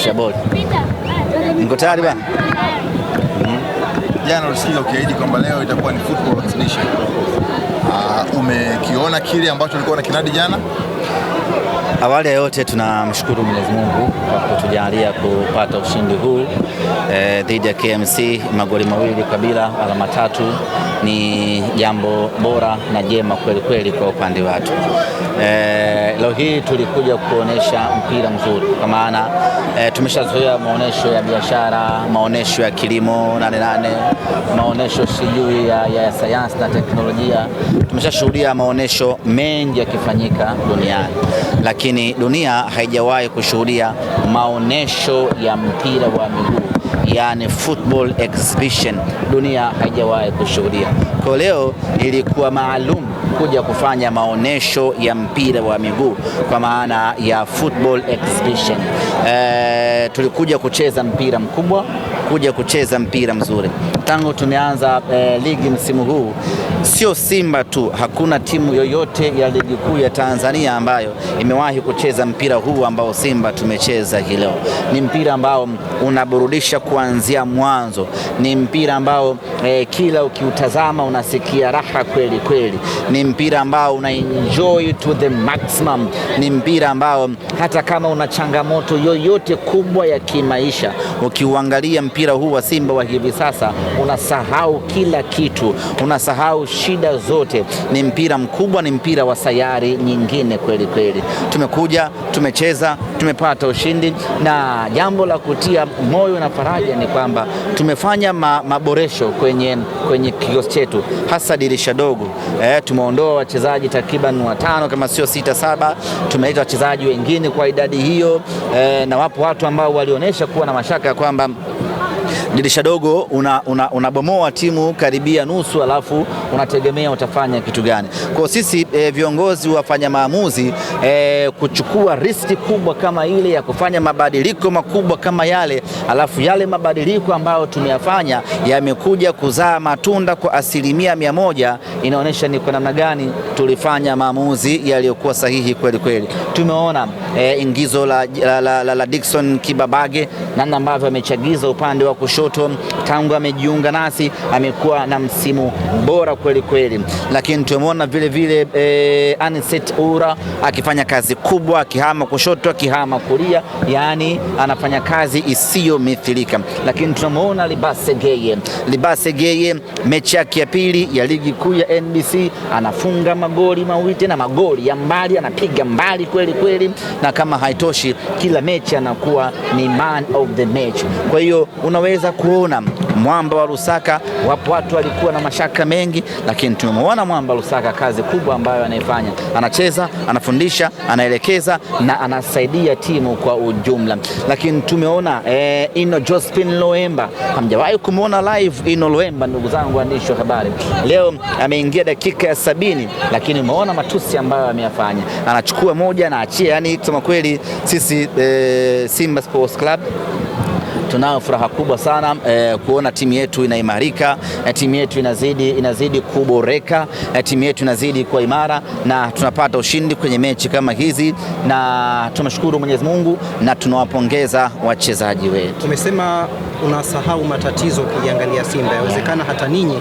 Shaboli. Mko tayari bana. Hmm. Jana ulisikia ukiahidi kwamba leo itakuwa ni football exhibition. Uh, ah, umekiona kile ambacho ulikuwa na kinadi jana? Awali ya yote tunamshukuru Mwenyezi Mungu kwa kutujalia kupata ushindi huu e, dhidi ya KMC magoli mawili kwa bila, alama tatu ni jambo bora na jema kweli kweli kwa upande watu. Eh, leo hii tulikuja kuonesha mpira mzuri kwa maana e, tumeshazoea maonesho ya biashara, maonesho ya kilimo nane nane, maonesho sijui ya, ya sayansi na teknolojia, tumeshashuhudia maonesho mengi yakifanyika duniani lakini lakini dunia haijawahi kushuhudia maonesho ya mpira wa miguu yani football exhibition dunia haijawahi kushuhudia. Kwa leo ilikuwa maalum kuja kufanya maonesho ya mpira wa miguu kwa maana ya football exhibition. E, tulikuja kucheza mpira mkubwa, kuja kucheza mpira mzuri tangu tumeanza e, ligi msimu huu sio Simba tu, hakuna timu yoyote ya ligi kuu ya Tanzania ambayo imewahi kucheza mpira huu ambao Simba tumecheza hii leo. Ni mpira ambao unaburudisha kuanzia mwanzo, ni mpira ambao eh, kila ukiutazama unasikia raha kweli kweli, ni mpira ambao una enjoy to the maximum, ni mpira ambao hata kama una changamoto yoyote kubwa ya kimaisha, ukiuangalia mpira huu wa Simba wa hivi sasa unasahau kila kitu, unasahau shida zote. Ni mpira mkubwa, ni mpira wa sayari nyingine kweli kweli. Tumekuja, tumecheza, tumepata ushindi, na jambo la kutia moyo na faraja ni kwamba tumefanya ma, maboresho kwenye, kwenye kikosi chetu hasa dirisha dogo. eh, tumeondoa wachezaji takriban watano kama sio sita saba, tumeleta wachezaji wengine kwa idadi hiyo eh, na wapo watu ambao walionyesha kuwa na mashaka ya kwamba dirisha dogo unabomoa una, una timu karibia nusu, alafu unategemea utafanya kitu gani? Kwa sisi e, viongozi wafanya maamuzi e, kuchukua riski kubwa kama ile ya kufanya mabadiliko makubwa kama yale, alafu yale mabadiliko ambayo tumeyafanya yamekuja kuzaa matunda kwa asilimia mia moja, inaonyesha ni kwa namna gani tulifanya maamuzi yaliyokuwa sahihi kweli kweli. Tumeona e, ingizo la, la, la, la, la Dickson Kibabage namna ambavyo amechagiza upande wa kushu kushoto. Tangu amejiunga nasi amekuwa na msimu bora kweli kweli, lakini tumemwona vile vile e, Anset Ura akifanya kazi kubwa, akihama kushoto, akihama kulia, yani anafanya kazi mithilika. Lakini tunamwona Libase Geye, Libase Geye mechi yake ya pili ya ligi kuu ya NBC anafunga magoli mawili na magoli ya mbali, anapiga mbali kweli kweli, na kama haitoshi, kila mechi anakuwa ni man of the match. Kwa hiyo unaweza kuweza kuona mwamba wa Lusaka. Wapo watu walikuwa na mashaka mengi, lakini tumemwona mwamba Lusaka, kazi kubwa ambayo anaifanya, anacheza, anafundisha, anaelekeza na anasaidia timu kwa ujumla. Lakini tumeona eh, Ino Jospin Loemba, hamjawahi kumwona live Ino Loemba, ndugu zangu waandishi wa habari. Leo ameingia dakika ya sabini, lakini umeona matusi ambayo ameyafanya, anachukua moja na achia. Yani kusema kweli sisi eh, Simba Sports Club tunayo furaha kubwa sana e, kuona timu yetu inaimarika, e, timu yetu inazidi, inazidi kuboreka, e, timu yetu inazidi kuwa imara na tunapata ushindi kwenye mechi kama hizi, na tunashukuru Mwenyezi Mungu na tunawapongeza wachezaji wetu. Tumesema unasahau matatizo, ukiangalia Simba yawezekana hata ninyi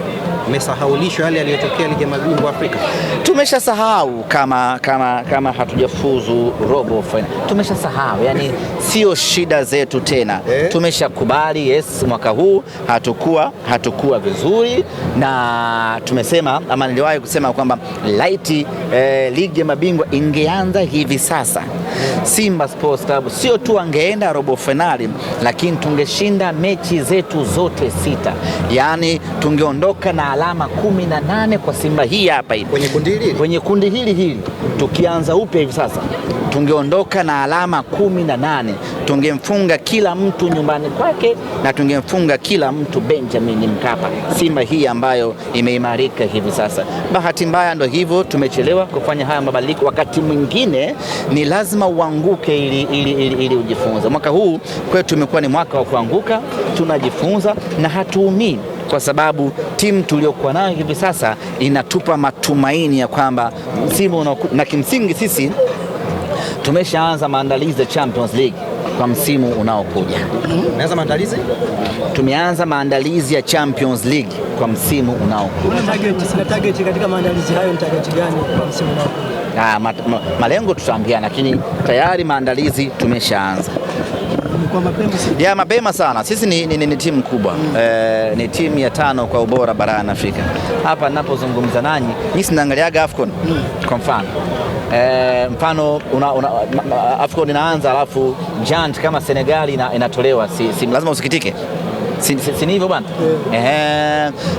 mmesahaulishwa yale yaliyotokea ligi ya mabingwa Afrika. Tumeshasahau kama, kama, kama hatujafuzu robo final tumeshasahau, yani sio shida zetu tena eh? Tumesha tumeshakubali yes, mwaka huu hatukuwa hatukuwa vizuri, na tumesema ama niliwahi kusema kwamba laiti eh, ligi ya mabingwa ingeanza hivi sasa, Simba Sports Club sio tu angeenda robo finali, lakini tungeshinda mechi zetu zote sita, yaani tungeondoka na alama kumi na nane kwa Simba hii hapa hii kwenye kundi hili kwenye kundi hili hili, tukianza upya hivi sasa tungeondoka na alama kumi na nane tungemfunga kila mtu nyumbani kwake na tungemfunga kila mtu Benjamin Mkapa. Simba hii ambayo imeimarika hivi sasa, bahati mbaya ndo hivyo, tumechelewa kufanya haya mabadiliko. Wakati mwingine ni lazima uanguke ili, ili, ili, ili ujifunze. Mwaka huu kwetu tumekuwa ni mwaka wa kuanguka, tunajifunza na hatuumii kwa sababu timu tuliokuwa nayo hivi sasa inatupa matumaini ya kwamba msimu na kimsingi sisi tumeshaanza maandalizi ya Champions League kwa msimu unaokuja. Tumeanza maandalizi? Tumeanza maandalizi ya Champions League kwa msimu unaokuja. Na target katika maandalizi hayo ni target gani kwa msimu unaokuja? Ah, malengo tutaambia, lakini tayari maandalizi tumeshaanza ya mapema sana. Sisi ni, ni, ni, ni timu kubwa mm. E, ni timu ya tano kwa ubora barani Afrika. Hapa ninapozungumza nanyi mimi sinaangaliaga Afcon mm. kwa mfano e, mfano una, una, Afcon inaanza alafu jant kama Senegali inatolewa si, si, lazima usikitike si ni hivyo bwana?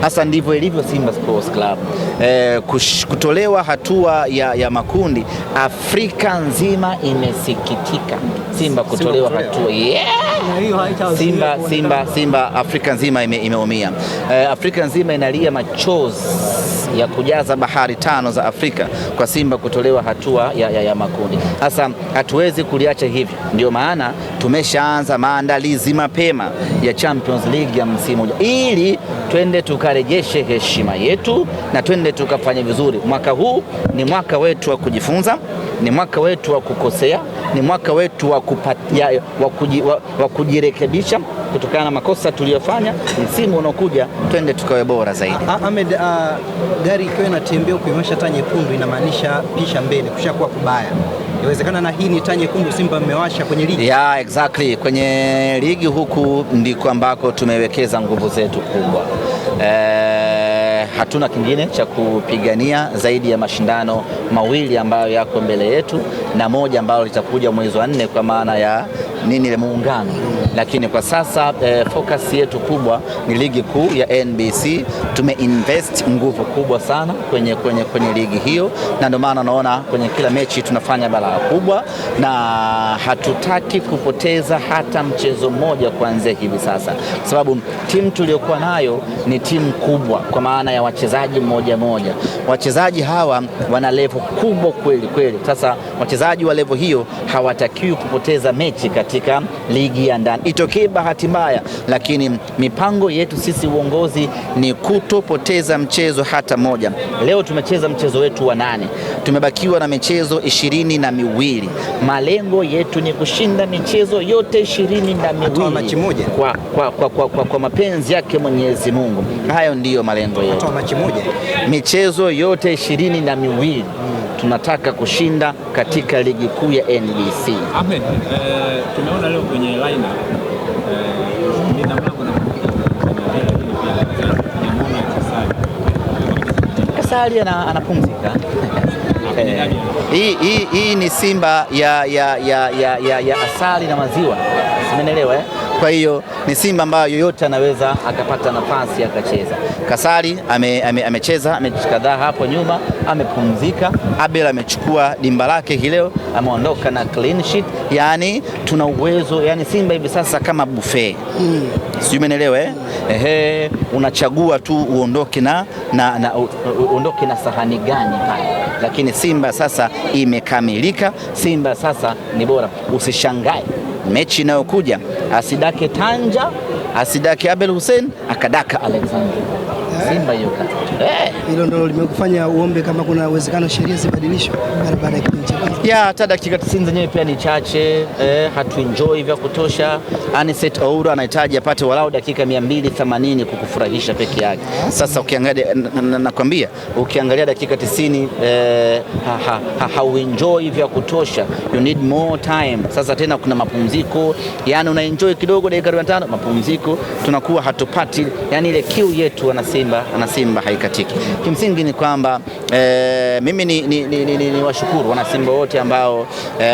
Sasa eh. eh, ndivyo ilivyo Simba Sports Club. Eh, kutolewa hatua ya, ya makundi Afrika nzima imesikitika Simba kutolewa hatua yeah! Simba, Simba, Simba Afrika nzima imeumia uh, Afrika nzima inalia machozi ya kujaza bahari tano za Afrika kwa Simba kutolewa hatua ya, ya, ya makundi. Sasa hatuwezi kuliacha hivyo, ndio maana tumeshaanza maandalizi mapema ya Champions League ya msimu ili twende tukarejeshe heshima yetu na twende tukafanye vizuri. Mwaka huu ni mwaka wetu wa kujifunza, ni mwaka wetu wa kukosea ni mwaka wetu wa, wa, kujirekebisha kutokana na makosa tuliyofanya. Msimu unaokuja twende tukawe bora zaidi. Ahmed, uh, gari ikiwa inatembea kuimesha taa nyekundu inamaanisha pisha mbele, kushakuwa kubaya. Inawezekana na hii ni taa nyekundu Simba mmewasha kwenye ligi. Yeah, exactly. Kwenye ligi huku ndiko ambako tumewekeza nguvu zetu kubwa eh, hatuna kingine cha kupigania zaidi ya mashindano mawili ambayo yako mbele yetu na moja ambalo litakuja mwezi wa nne kwa maana ya nini ile muungano, lakini kwa sasa eh, focus yetu kubwa ni ligi kuu ya NBC. Tumeinvest nguvu kubwa sana kwenye, kwenye, kwenye ligi hiyo, na ndio maana unaona kwenye kila mechi tunafanya balaa kubwa, na hatutaki kupoteza hata mchezo mmoja kuanzia hivi sasa, kwa sababu timu tuliyokuwa nayo ni timu kubwa kwa maana ya wachezaji mmoja mmoja. Wachezaji hawa wana level kubwa kweli kweli. Sasa wachezaji wa level hiyo hawatakiwi kupoteza mechi kati katika ligi ya ndani. Itokee bahati mbaya, lakini mipango yetu sisi uongozi ni kutopoteza mchezo hata moja. Leo tumecheza mchezo wetu wa nane, tumebakiwa na michezo ishirini na miwili. Malengo yetu ni kushinda michezo yote ishirini na miwili kwa, kwa, kwa, kwa, kwa, kwa mapenzi yake Mwenyezi Mungu. Hayo ndiyo malengo yetu, michezo yote ishirini na miwili tunataka kushinda katika ligi kuu ya NBC. Ahmed, eh, tumeona leo kwenye line eh, Kasali anapumzika. Hii hii hii ni Simba ya, ya, ya, ya, ya, ya asali na maziwa, simenelewa eh? Kwa hiyo ni Simba ambayo yoyote anaweza akapata nafasi akacheza. Kasari amecheza ame, ame mechi kadhaa hapo nyuma, amepumzika. Abel amechukua dimba lake hii leo, ameondoka na clean sheet. Yani tuna uwezo, yani Simba hivi sasa kama buffet mm. Sijui umeelewa eh? Ehe, unachagua tu uondoke na, na, na, uondoke na sahani gani pale, lakini Simba sasa imekamilika. Simba sasa ni bora, usishangae mechi inayokuja asidake Tanja, asidake Abel Hussein, akadaka Alexander. Simba hiyo kata. Eh, hilo ndio limekufanya uombe kama kuna uwezekano sheria zibadilishwe barabara ya kipindi cha kwanza. Yeah, hata dakika 90 zenyewe pia ni chache eh, hatu enjoy vya kutosha. Anicet Ouro anahitaji apate walau dakika 280 kukufurahisha peke yake. Sasa ukiangalia, nakwambia ukiangalia dakika 90 eh, hauenjoy ha, ha, vya kutosha. You need more time. Sasa tena kuna mapumziko, yani enjoy kidogo dakika 45 mapumziko, tunakuwa hatupati yani ile kiu yetu wanasema Simba na Simba haikatiki. Kimsingi ni kwamba e, mimi ni, ni, ni, ni, ni, ni washukuru wana Simba wote ambao e,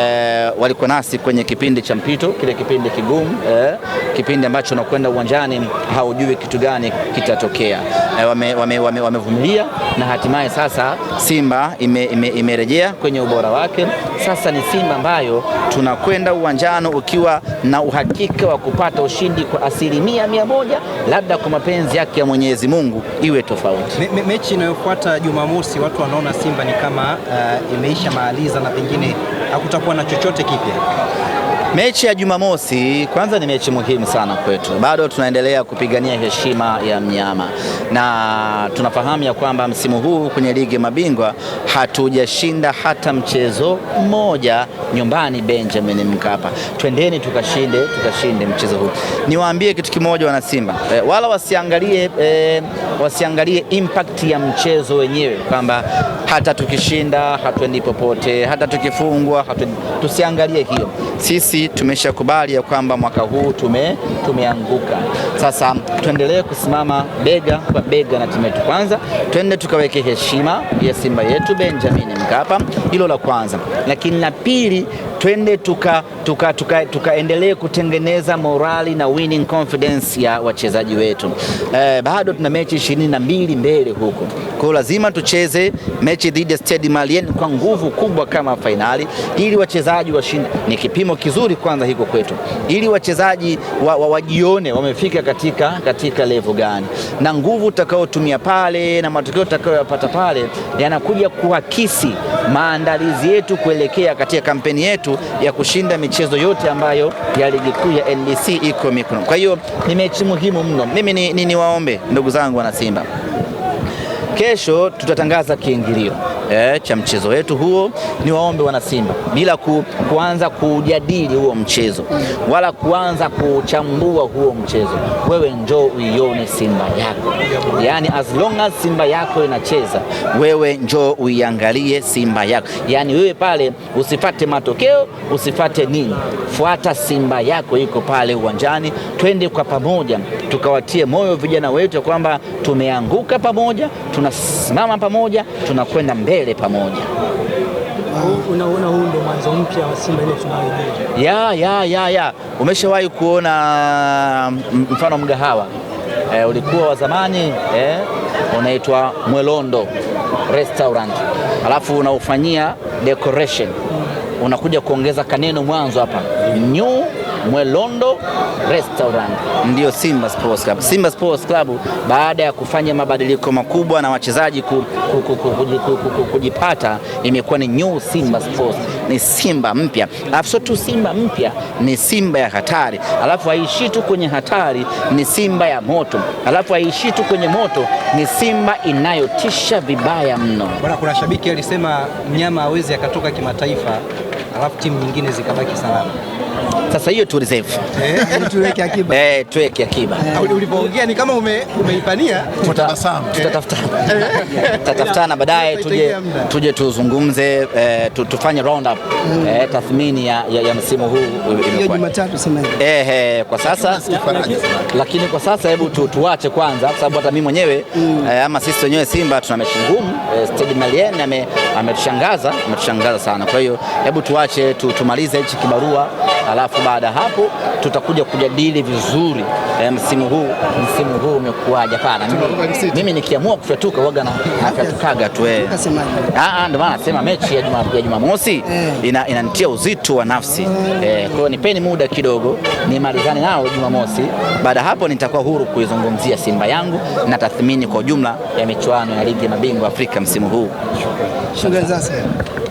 walikuwa nasi kwenye kipindi cha mpito, kile kipindi kigumu e, kipindi ambacho unakwenda uwanjani haujui kitu gani kitatokea. E, wamevumilia wame, wame, wame na hatimaye sasa Simba imerejea ime, ime kwenye ubora wake. Sasa ni Simba ambayo tunakwenda uwanjani ukiwa na uhakika wa kupata ushindi kwa asilimia mia moja, labda kwa mapenzi yake ya Mwenyezi Mungu yangu iwe tofauti. Me, me, mechi inayofuata Jumamosi, watu wanaona Simba ni kama uh, imeisha maaliza na pengine hakutakuwa na chochote kipya. Mechi ya Jumamosi kwanza ni mechi muhimu sana kwetu, bado tunaendelea kupigania heshima ya mnyama, na tunafahamu ya kwamba msimu huu kwenye ligi mabingwa hatujashinda hata mchezo mmoja nyumbani Benjamin Mkapa. Twendeni tukashinde, tukashinde mchezo huu. Niwaambie kitu kimoja, wana Simba e, wala wasiangalie e, wasiangalie impact ya mchezo wenyewe kwamba hata tukishinda hatuendi popote, hata tukifungwa hatu, tusiangalie hiyo. Sisi tumeshakubali ya kwamba mwaka huu tume, tumeanguka. Sasa tuendelee kusimama bega kwa bega na timu yetu. Kwanza twende tukaweke heshima ya Simba yetu Benjamin Mkapa, hilo la kwanza, lakini la pili twende tukaendelee tuka, tuka, tuka kutengeneza morali na winning confidence ya wachezaji wetu. Eh, bado tuna mechi ishirini na mbili mbele huko, kwa hiyo lazima tucheze mechi dhidi ya Stade Malien kwa nguvu kubwa kama fainali, ili wachezaji washinde. Ni kipimo kizuri kwanza hiko kwetu, ili wachezaji wa, wa, wajione wamefika katika, katika level gani, na nguvu tutakayotumia pale na matokeo tutakayoyapata pale yanakuja kuakisi maandalizi yetu kuelekea katika kampeni yetu ya kushinda michezo yote ambayo ya ligi kuu ya NBC iko mikono. Kwa hiyo ni mechi muhimu mno. Mimi ni, niwaombe ni ndugu zangu wana Simba, kesho tutatangaza kiingilio eh, cha mchezo wetu huo. Ni waombe wana Simba bila ku, kuanza kujadili huo mchezo wala kuanza kuchambua huo mchezo, wewe njoo uione Simba yako, yani as long as Simba yako inacheza, wewe njoo uiangalie Simba yako, yani wewe pale usifate matokeo usifate nini, fuata Simba yako iko pale uwanjani. Twende kwa pamoja tukawatie moyo vijana wetu ya kwamba tumeanguka pamoja, tunasimama pamoja, tunakwenda mbele mbele pamoja. Unaona, huu ndio mwanzo mpya wa Simba ile tunayoijua. Ya, ya, ya, ya. Umeshawahi kuona mm, mfano mgahawa e, ulikuwa wa zamani e, unaitwa Mwelondo Restaurant alafu unaufanyia decoration, unakuja kuongeza kaneno mwanzo hapa new Mwelondo Restaurant ndiyo Simba Sports Club. Simba Sports Club baada ya kufanya mabadiliko makubwa na wachezaji kujipata, imekuwa ni new Simba Sports, ni Simba mpya, alafu sio tu Simba mpya, ni Simba ya hatari, alafu haishii tu kwenye hatari, ni Simba ya moto, alafu haishii tu kwenye moto, ni Simba inayotisha vibaya mno bwana. Kuna shabiki alisema mnyama hawezi akatoka kimataifa alafu timu nyingine zikabaki salama. Sasa hiyo tu reserve eh, tuweke akiba, eh, tuweke akiba. Ah, ulipoongea ni kama umeipania, tutatafutana tutatafutana eh. baadaye tuje tuje tuzungumze, eh, tufanye round up mm. eh, tathmini ya ya, msimu huu hiyo Jumatatu sema eh, eh, kwa sasa lakini kwa sasa hebu tuache kwanza, kwa sababu hata mimi mwenyewe mm. ama sisi wenyewe Simba tuna mechi ngumu. Stade Malien ame ametushangaza ametushangaza sana, kwa hiyo hebu tuache tumalize hichi kibarua alafu baada ya hapo tutakuja kujadili vizuri e, msimu huu msimu huu umekuwaje? Hapana, mimi, nikiamua kufyatuka waga na nafyatukaga tu eh, ah, ah, ndio maana nasema mechi ya Jumamosi eh. ina, inanitia uzito wa nafsi e, kwa hiyo nipeni muda kidogo nimalizane nao Jumamosi. Baada hapo nitakuwa huru kuizungumzia Simba yangu na tathmini kwa ujumla ya michuano ya ligi ya mabingwa Afrika msimu huu. Shukrani sana.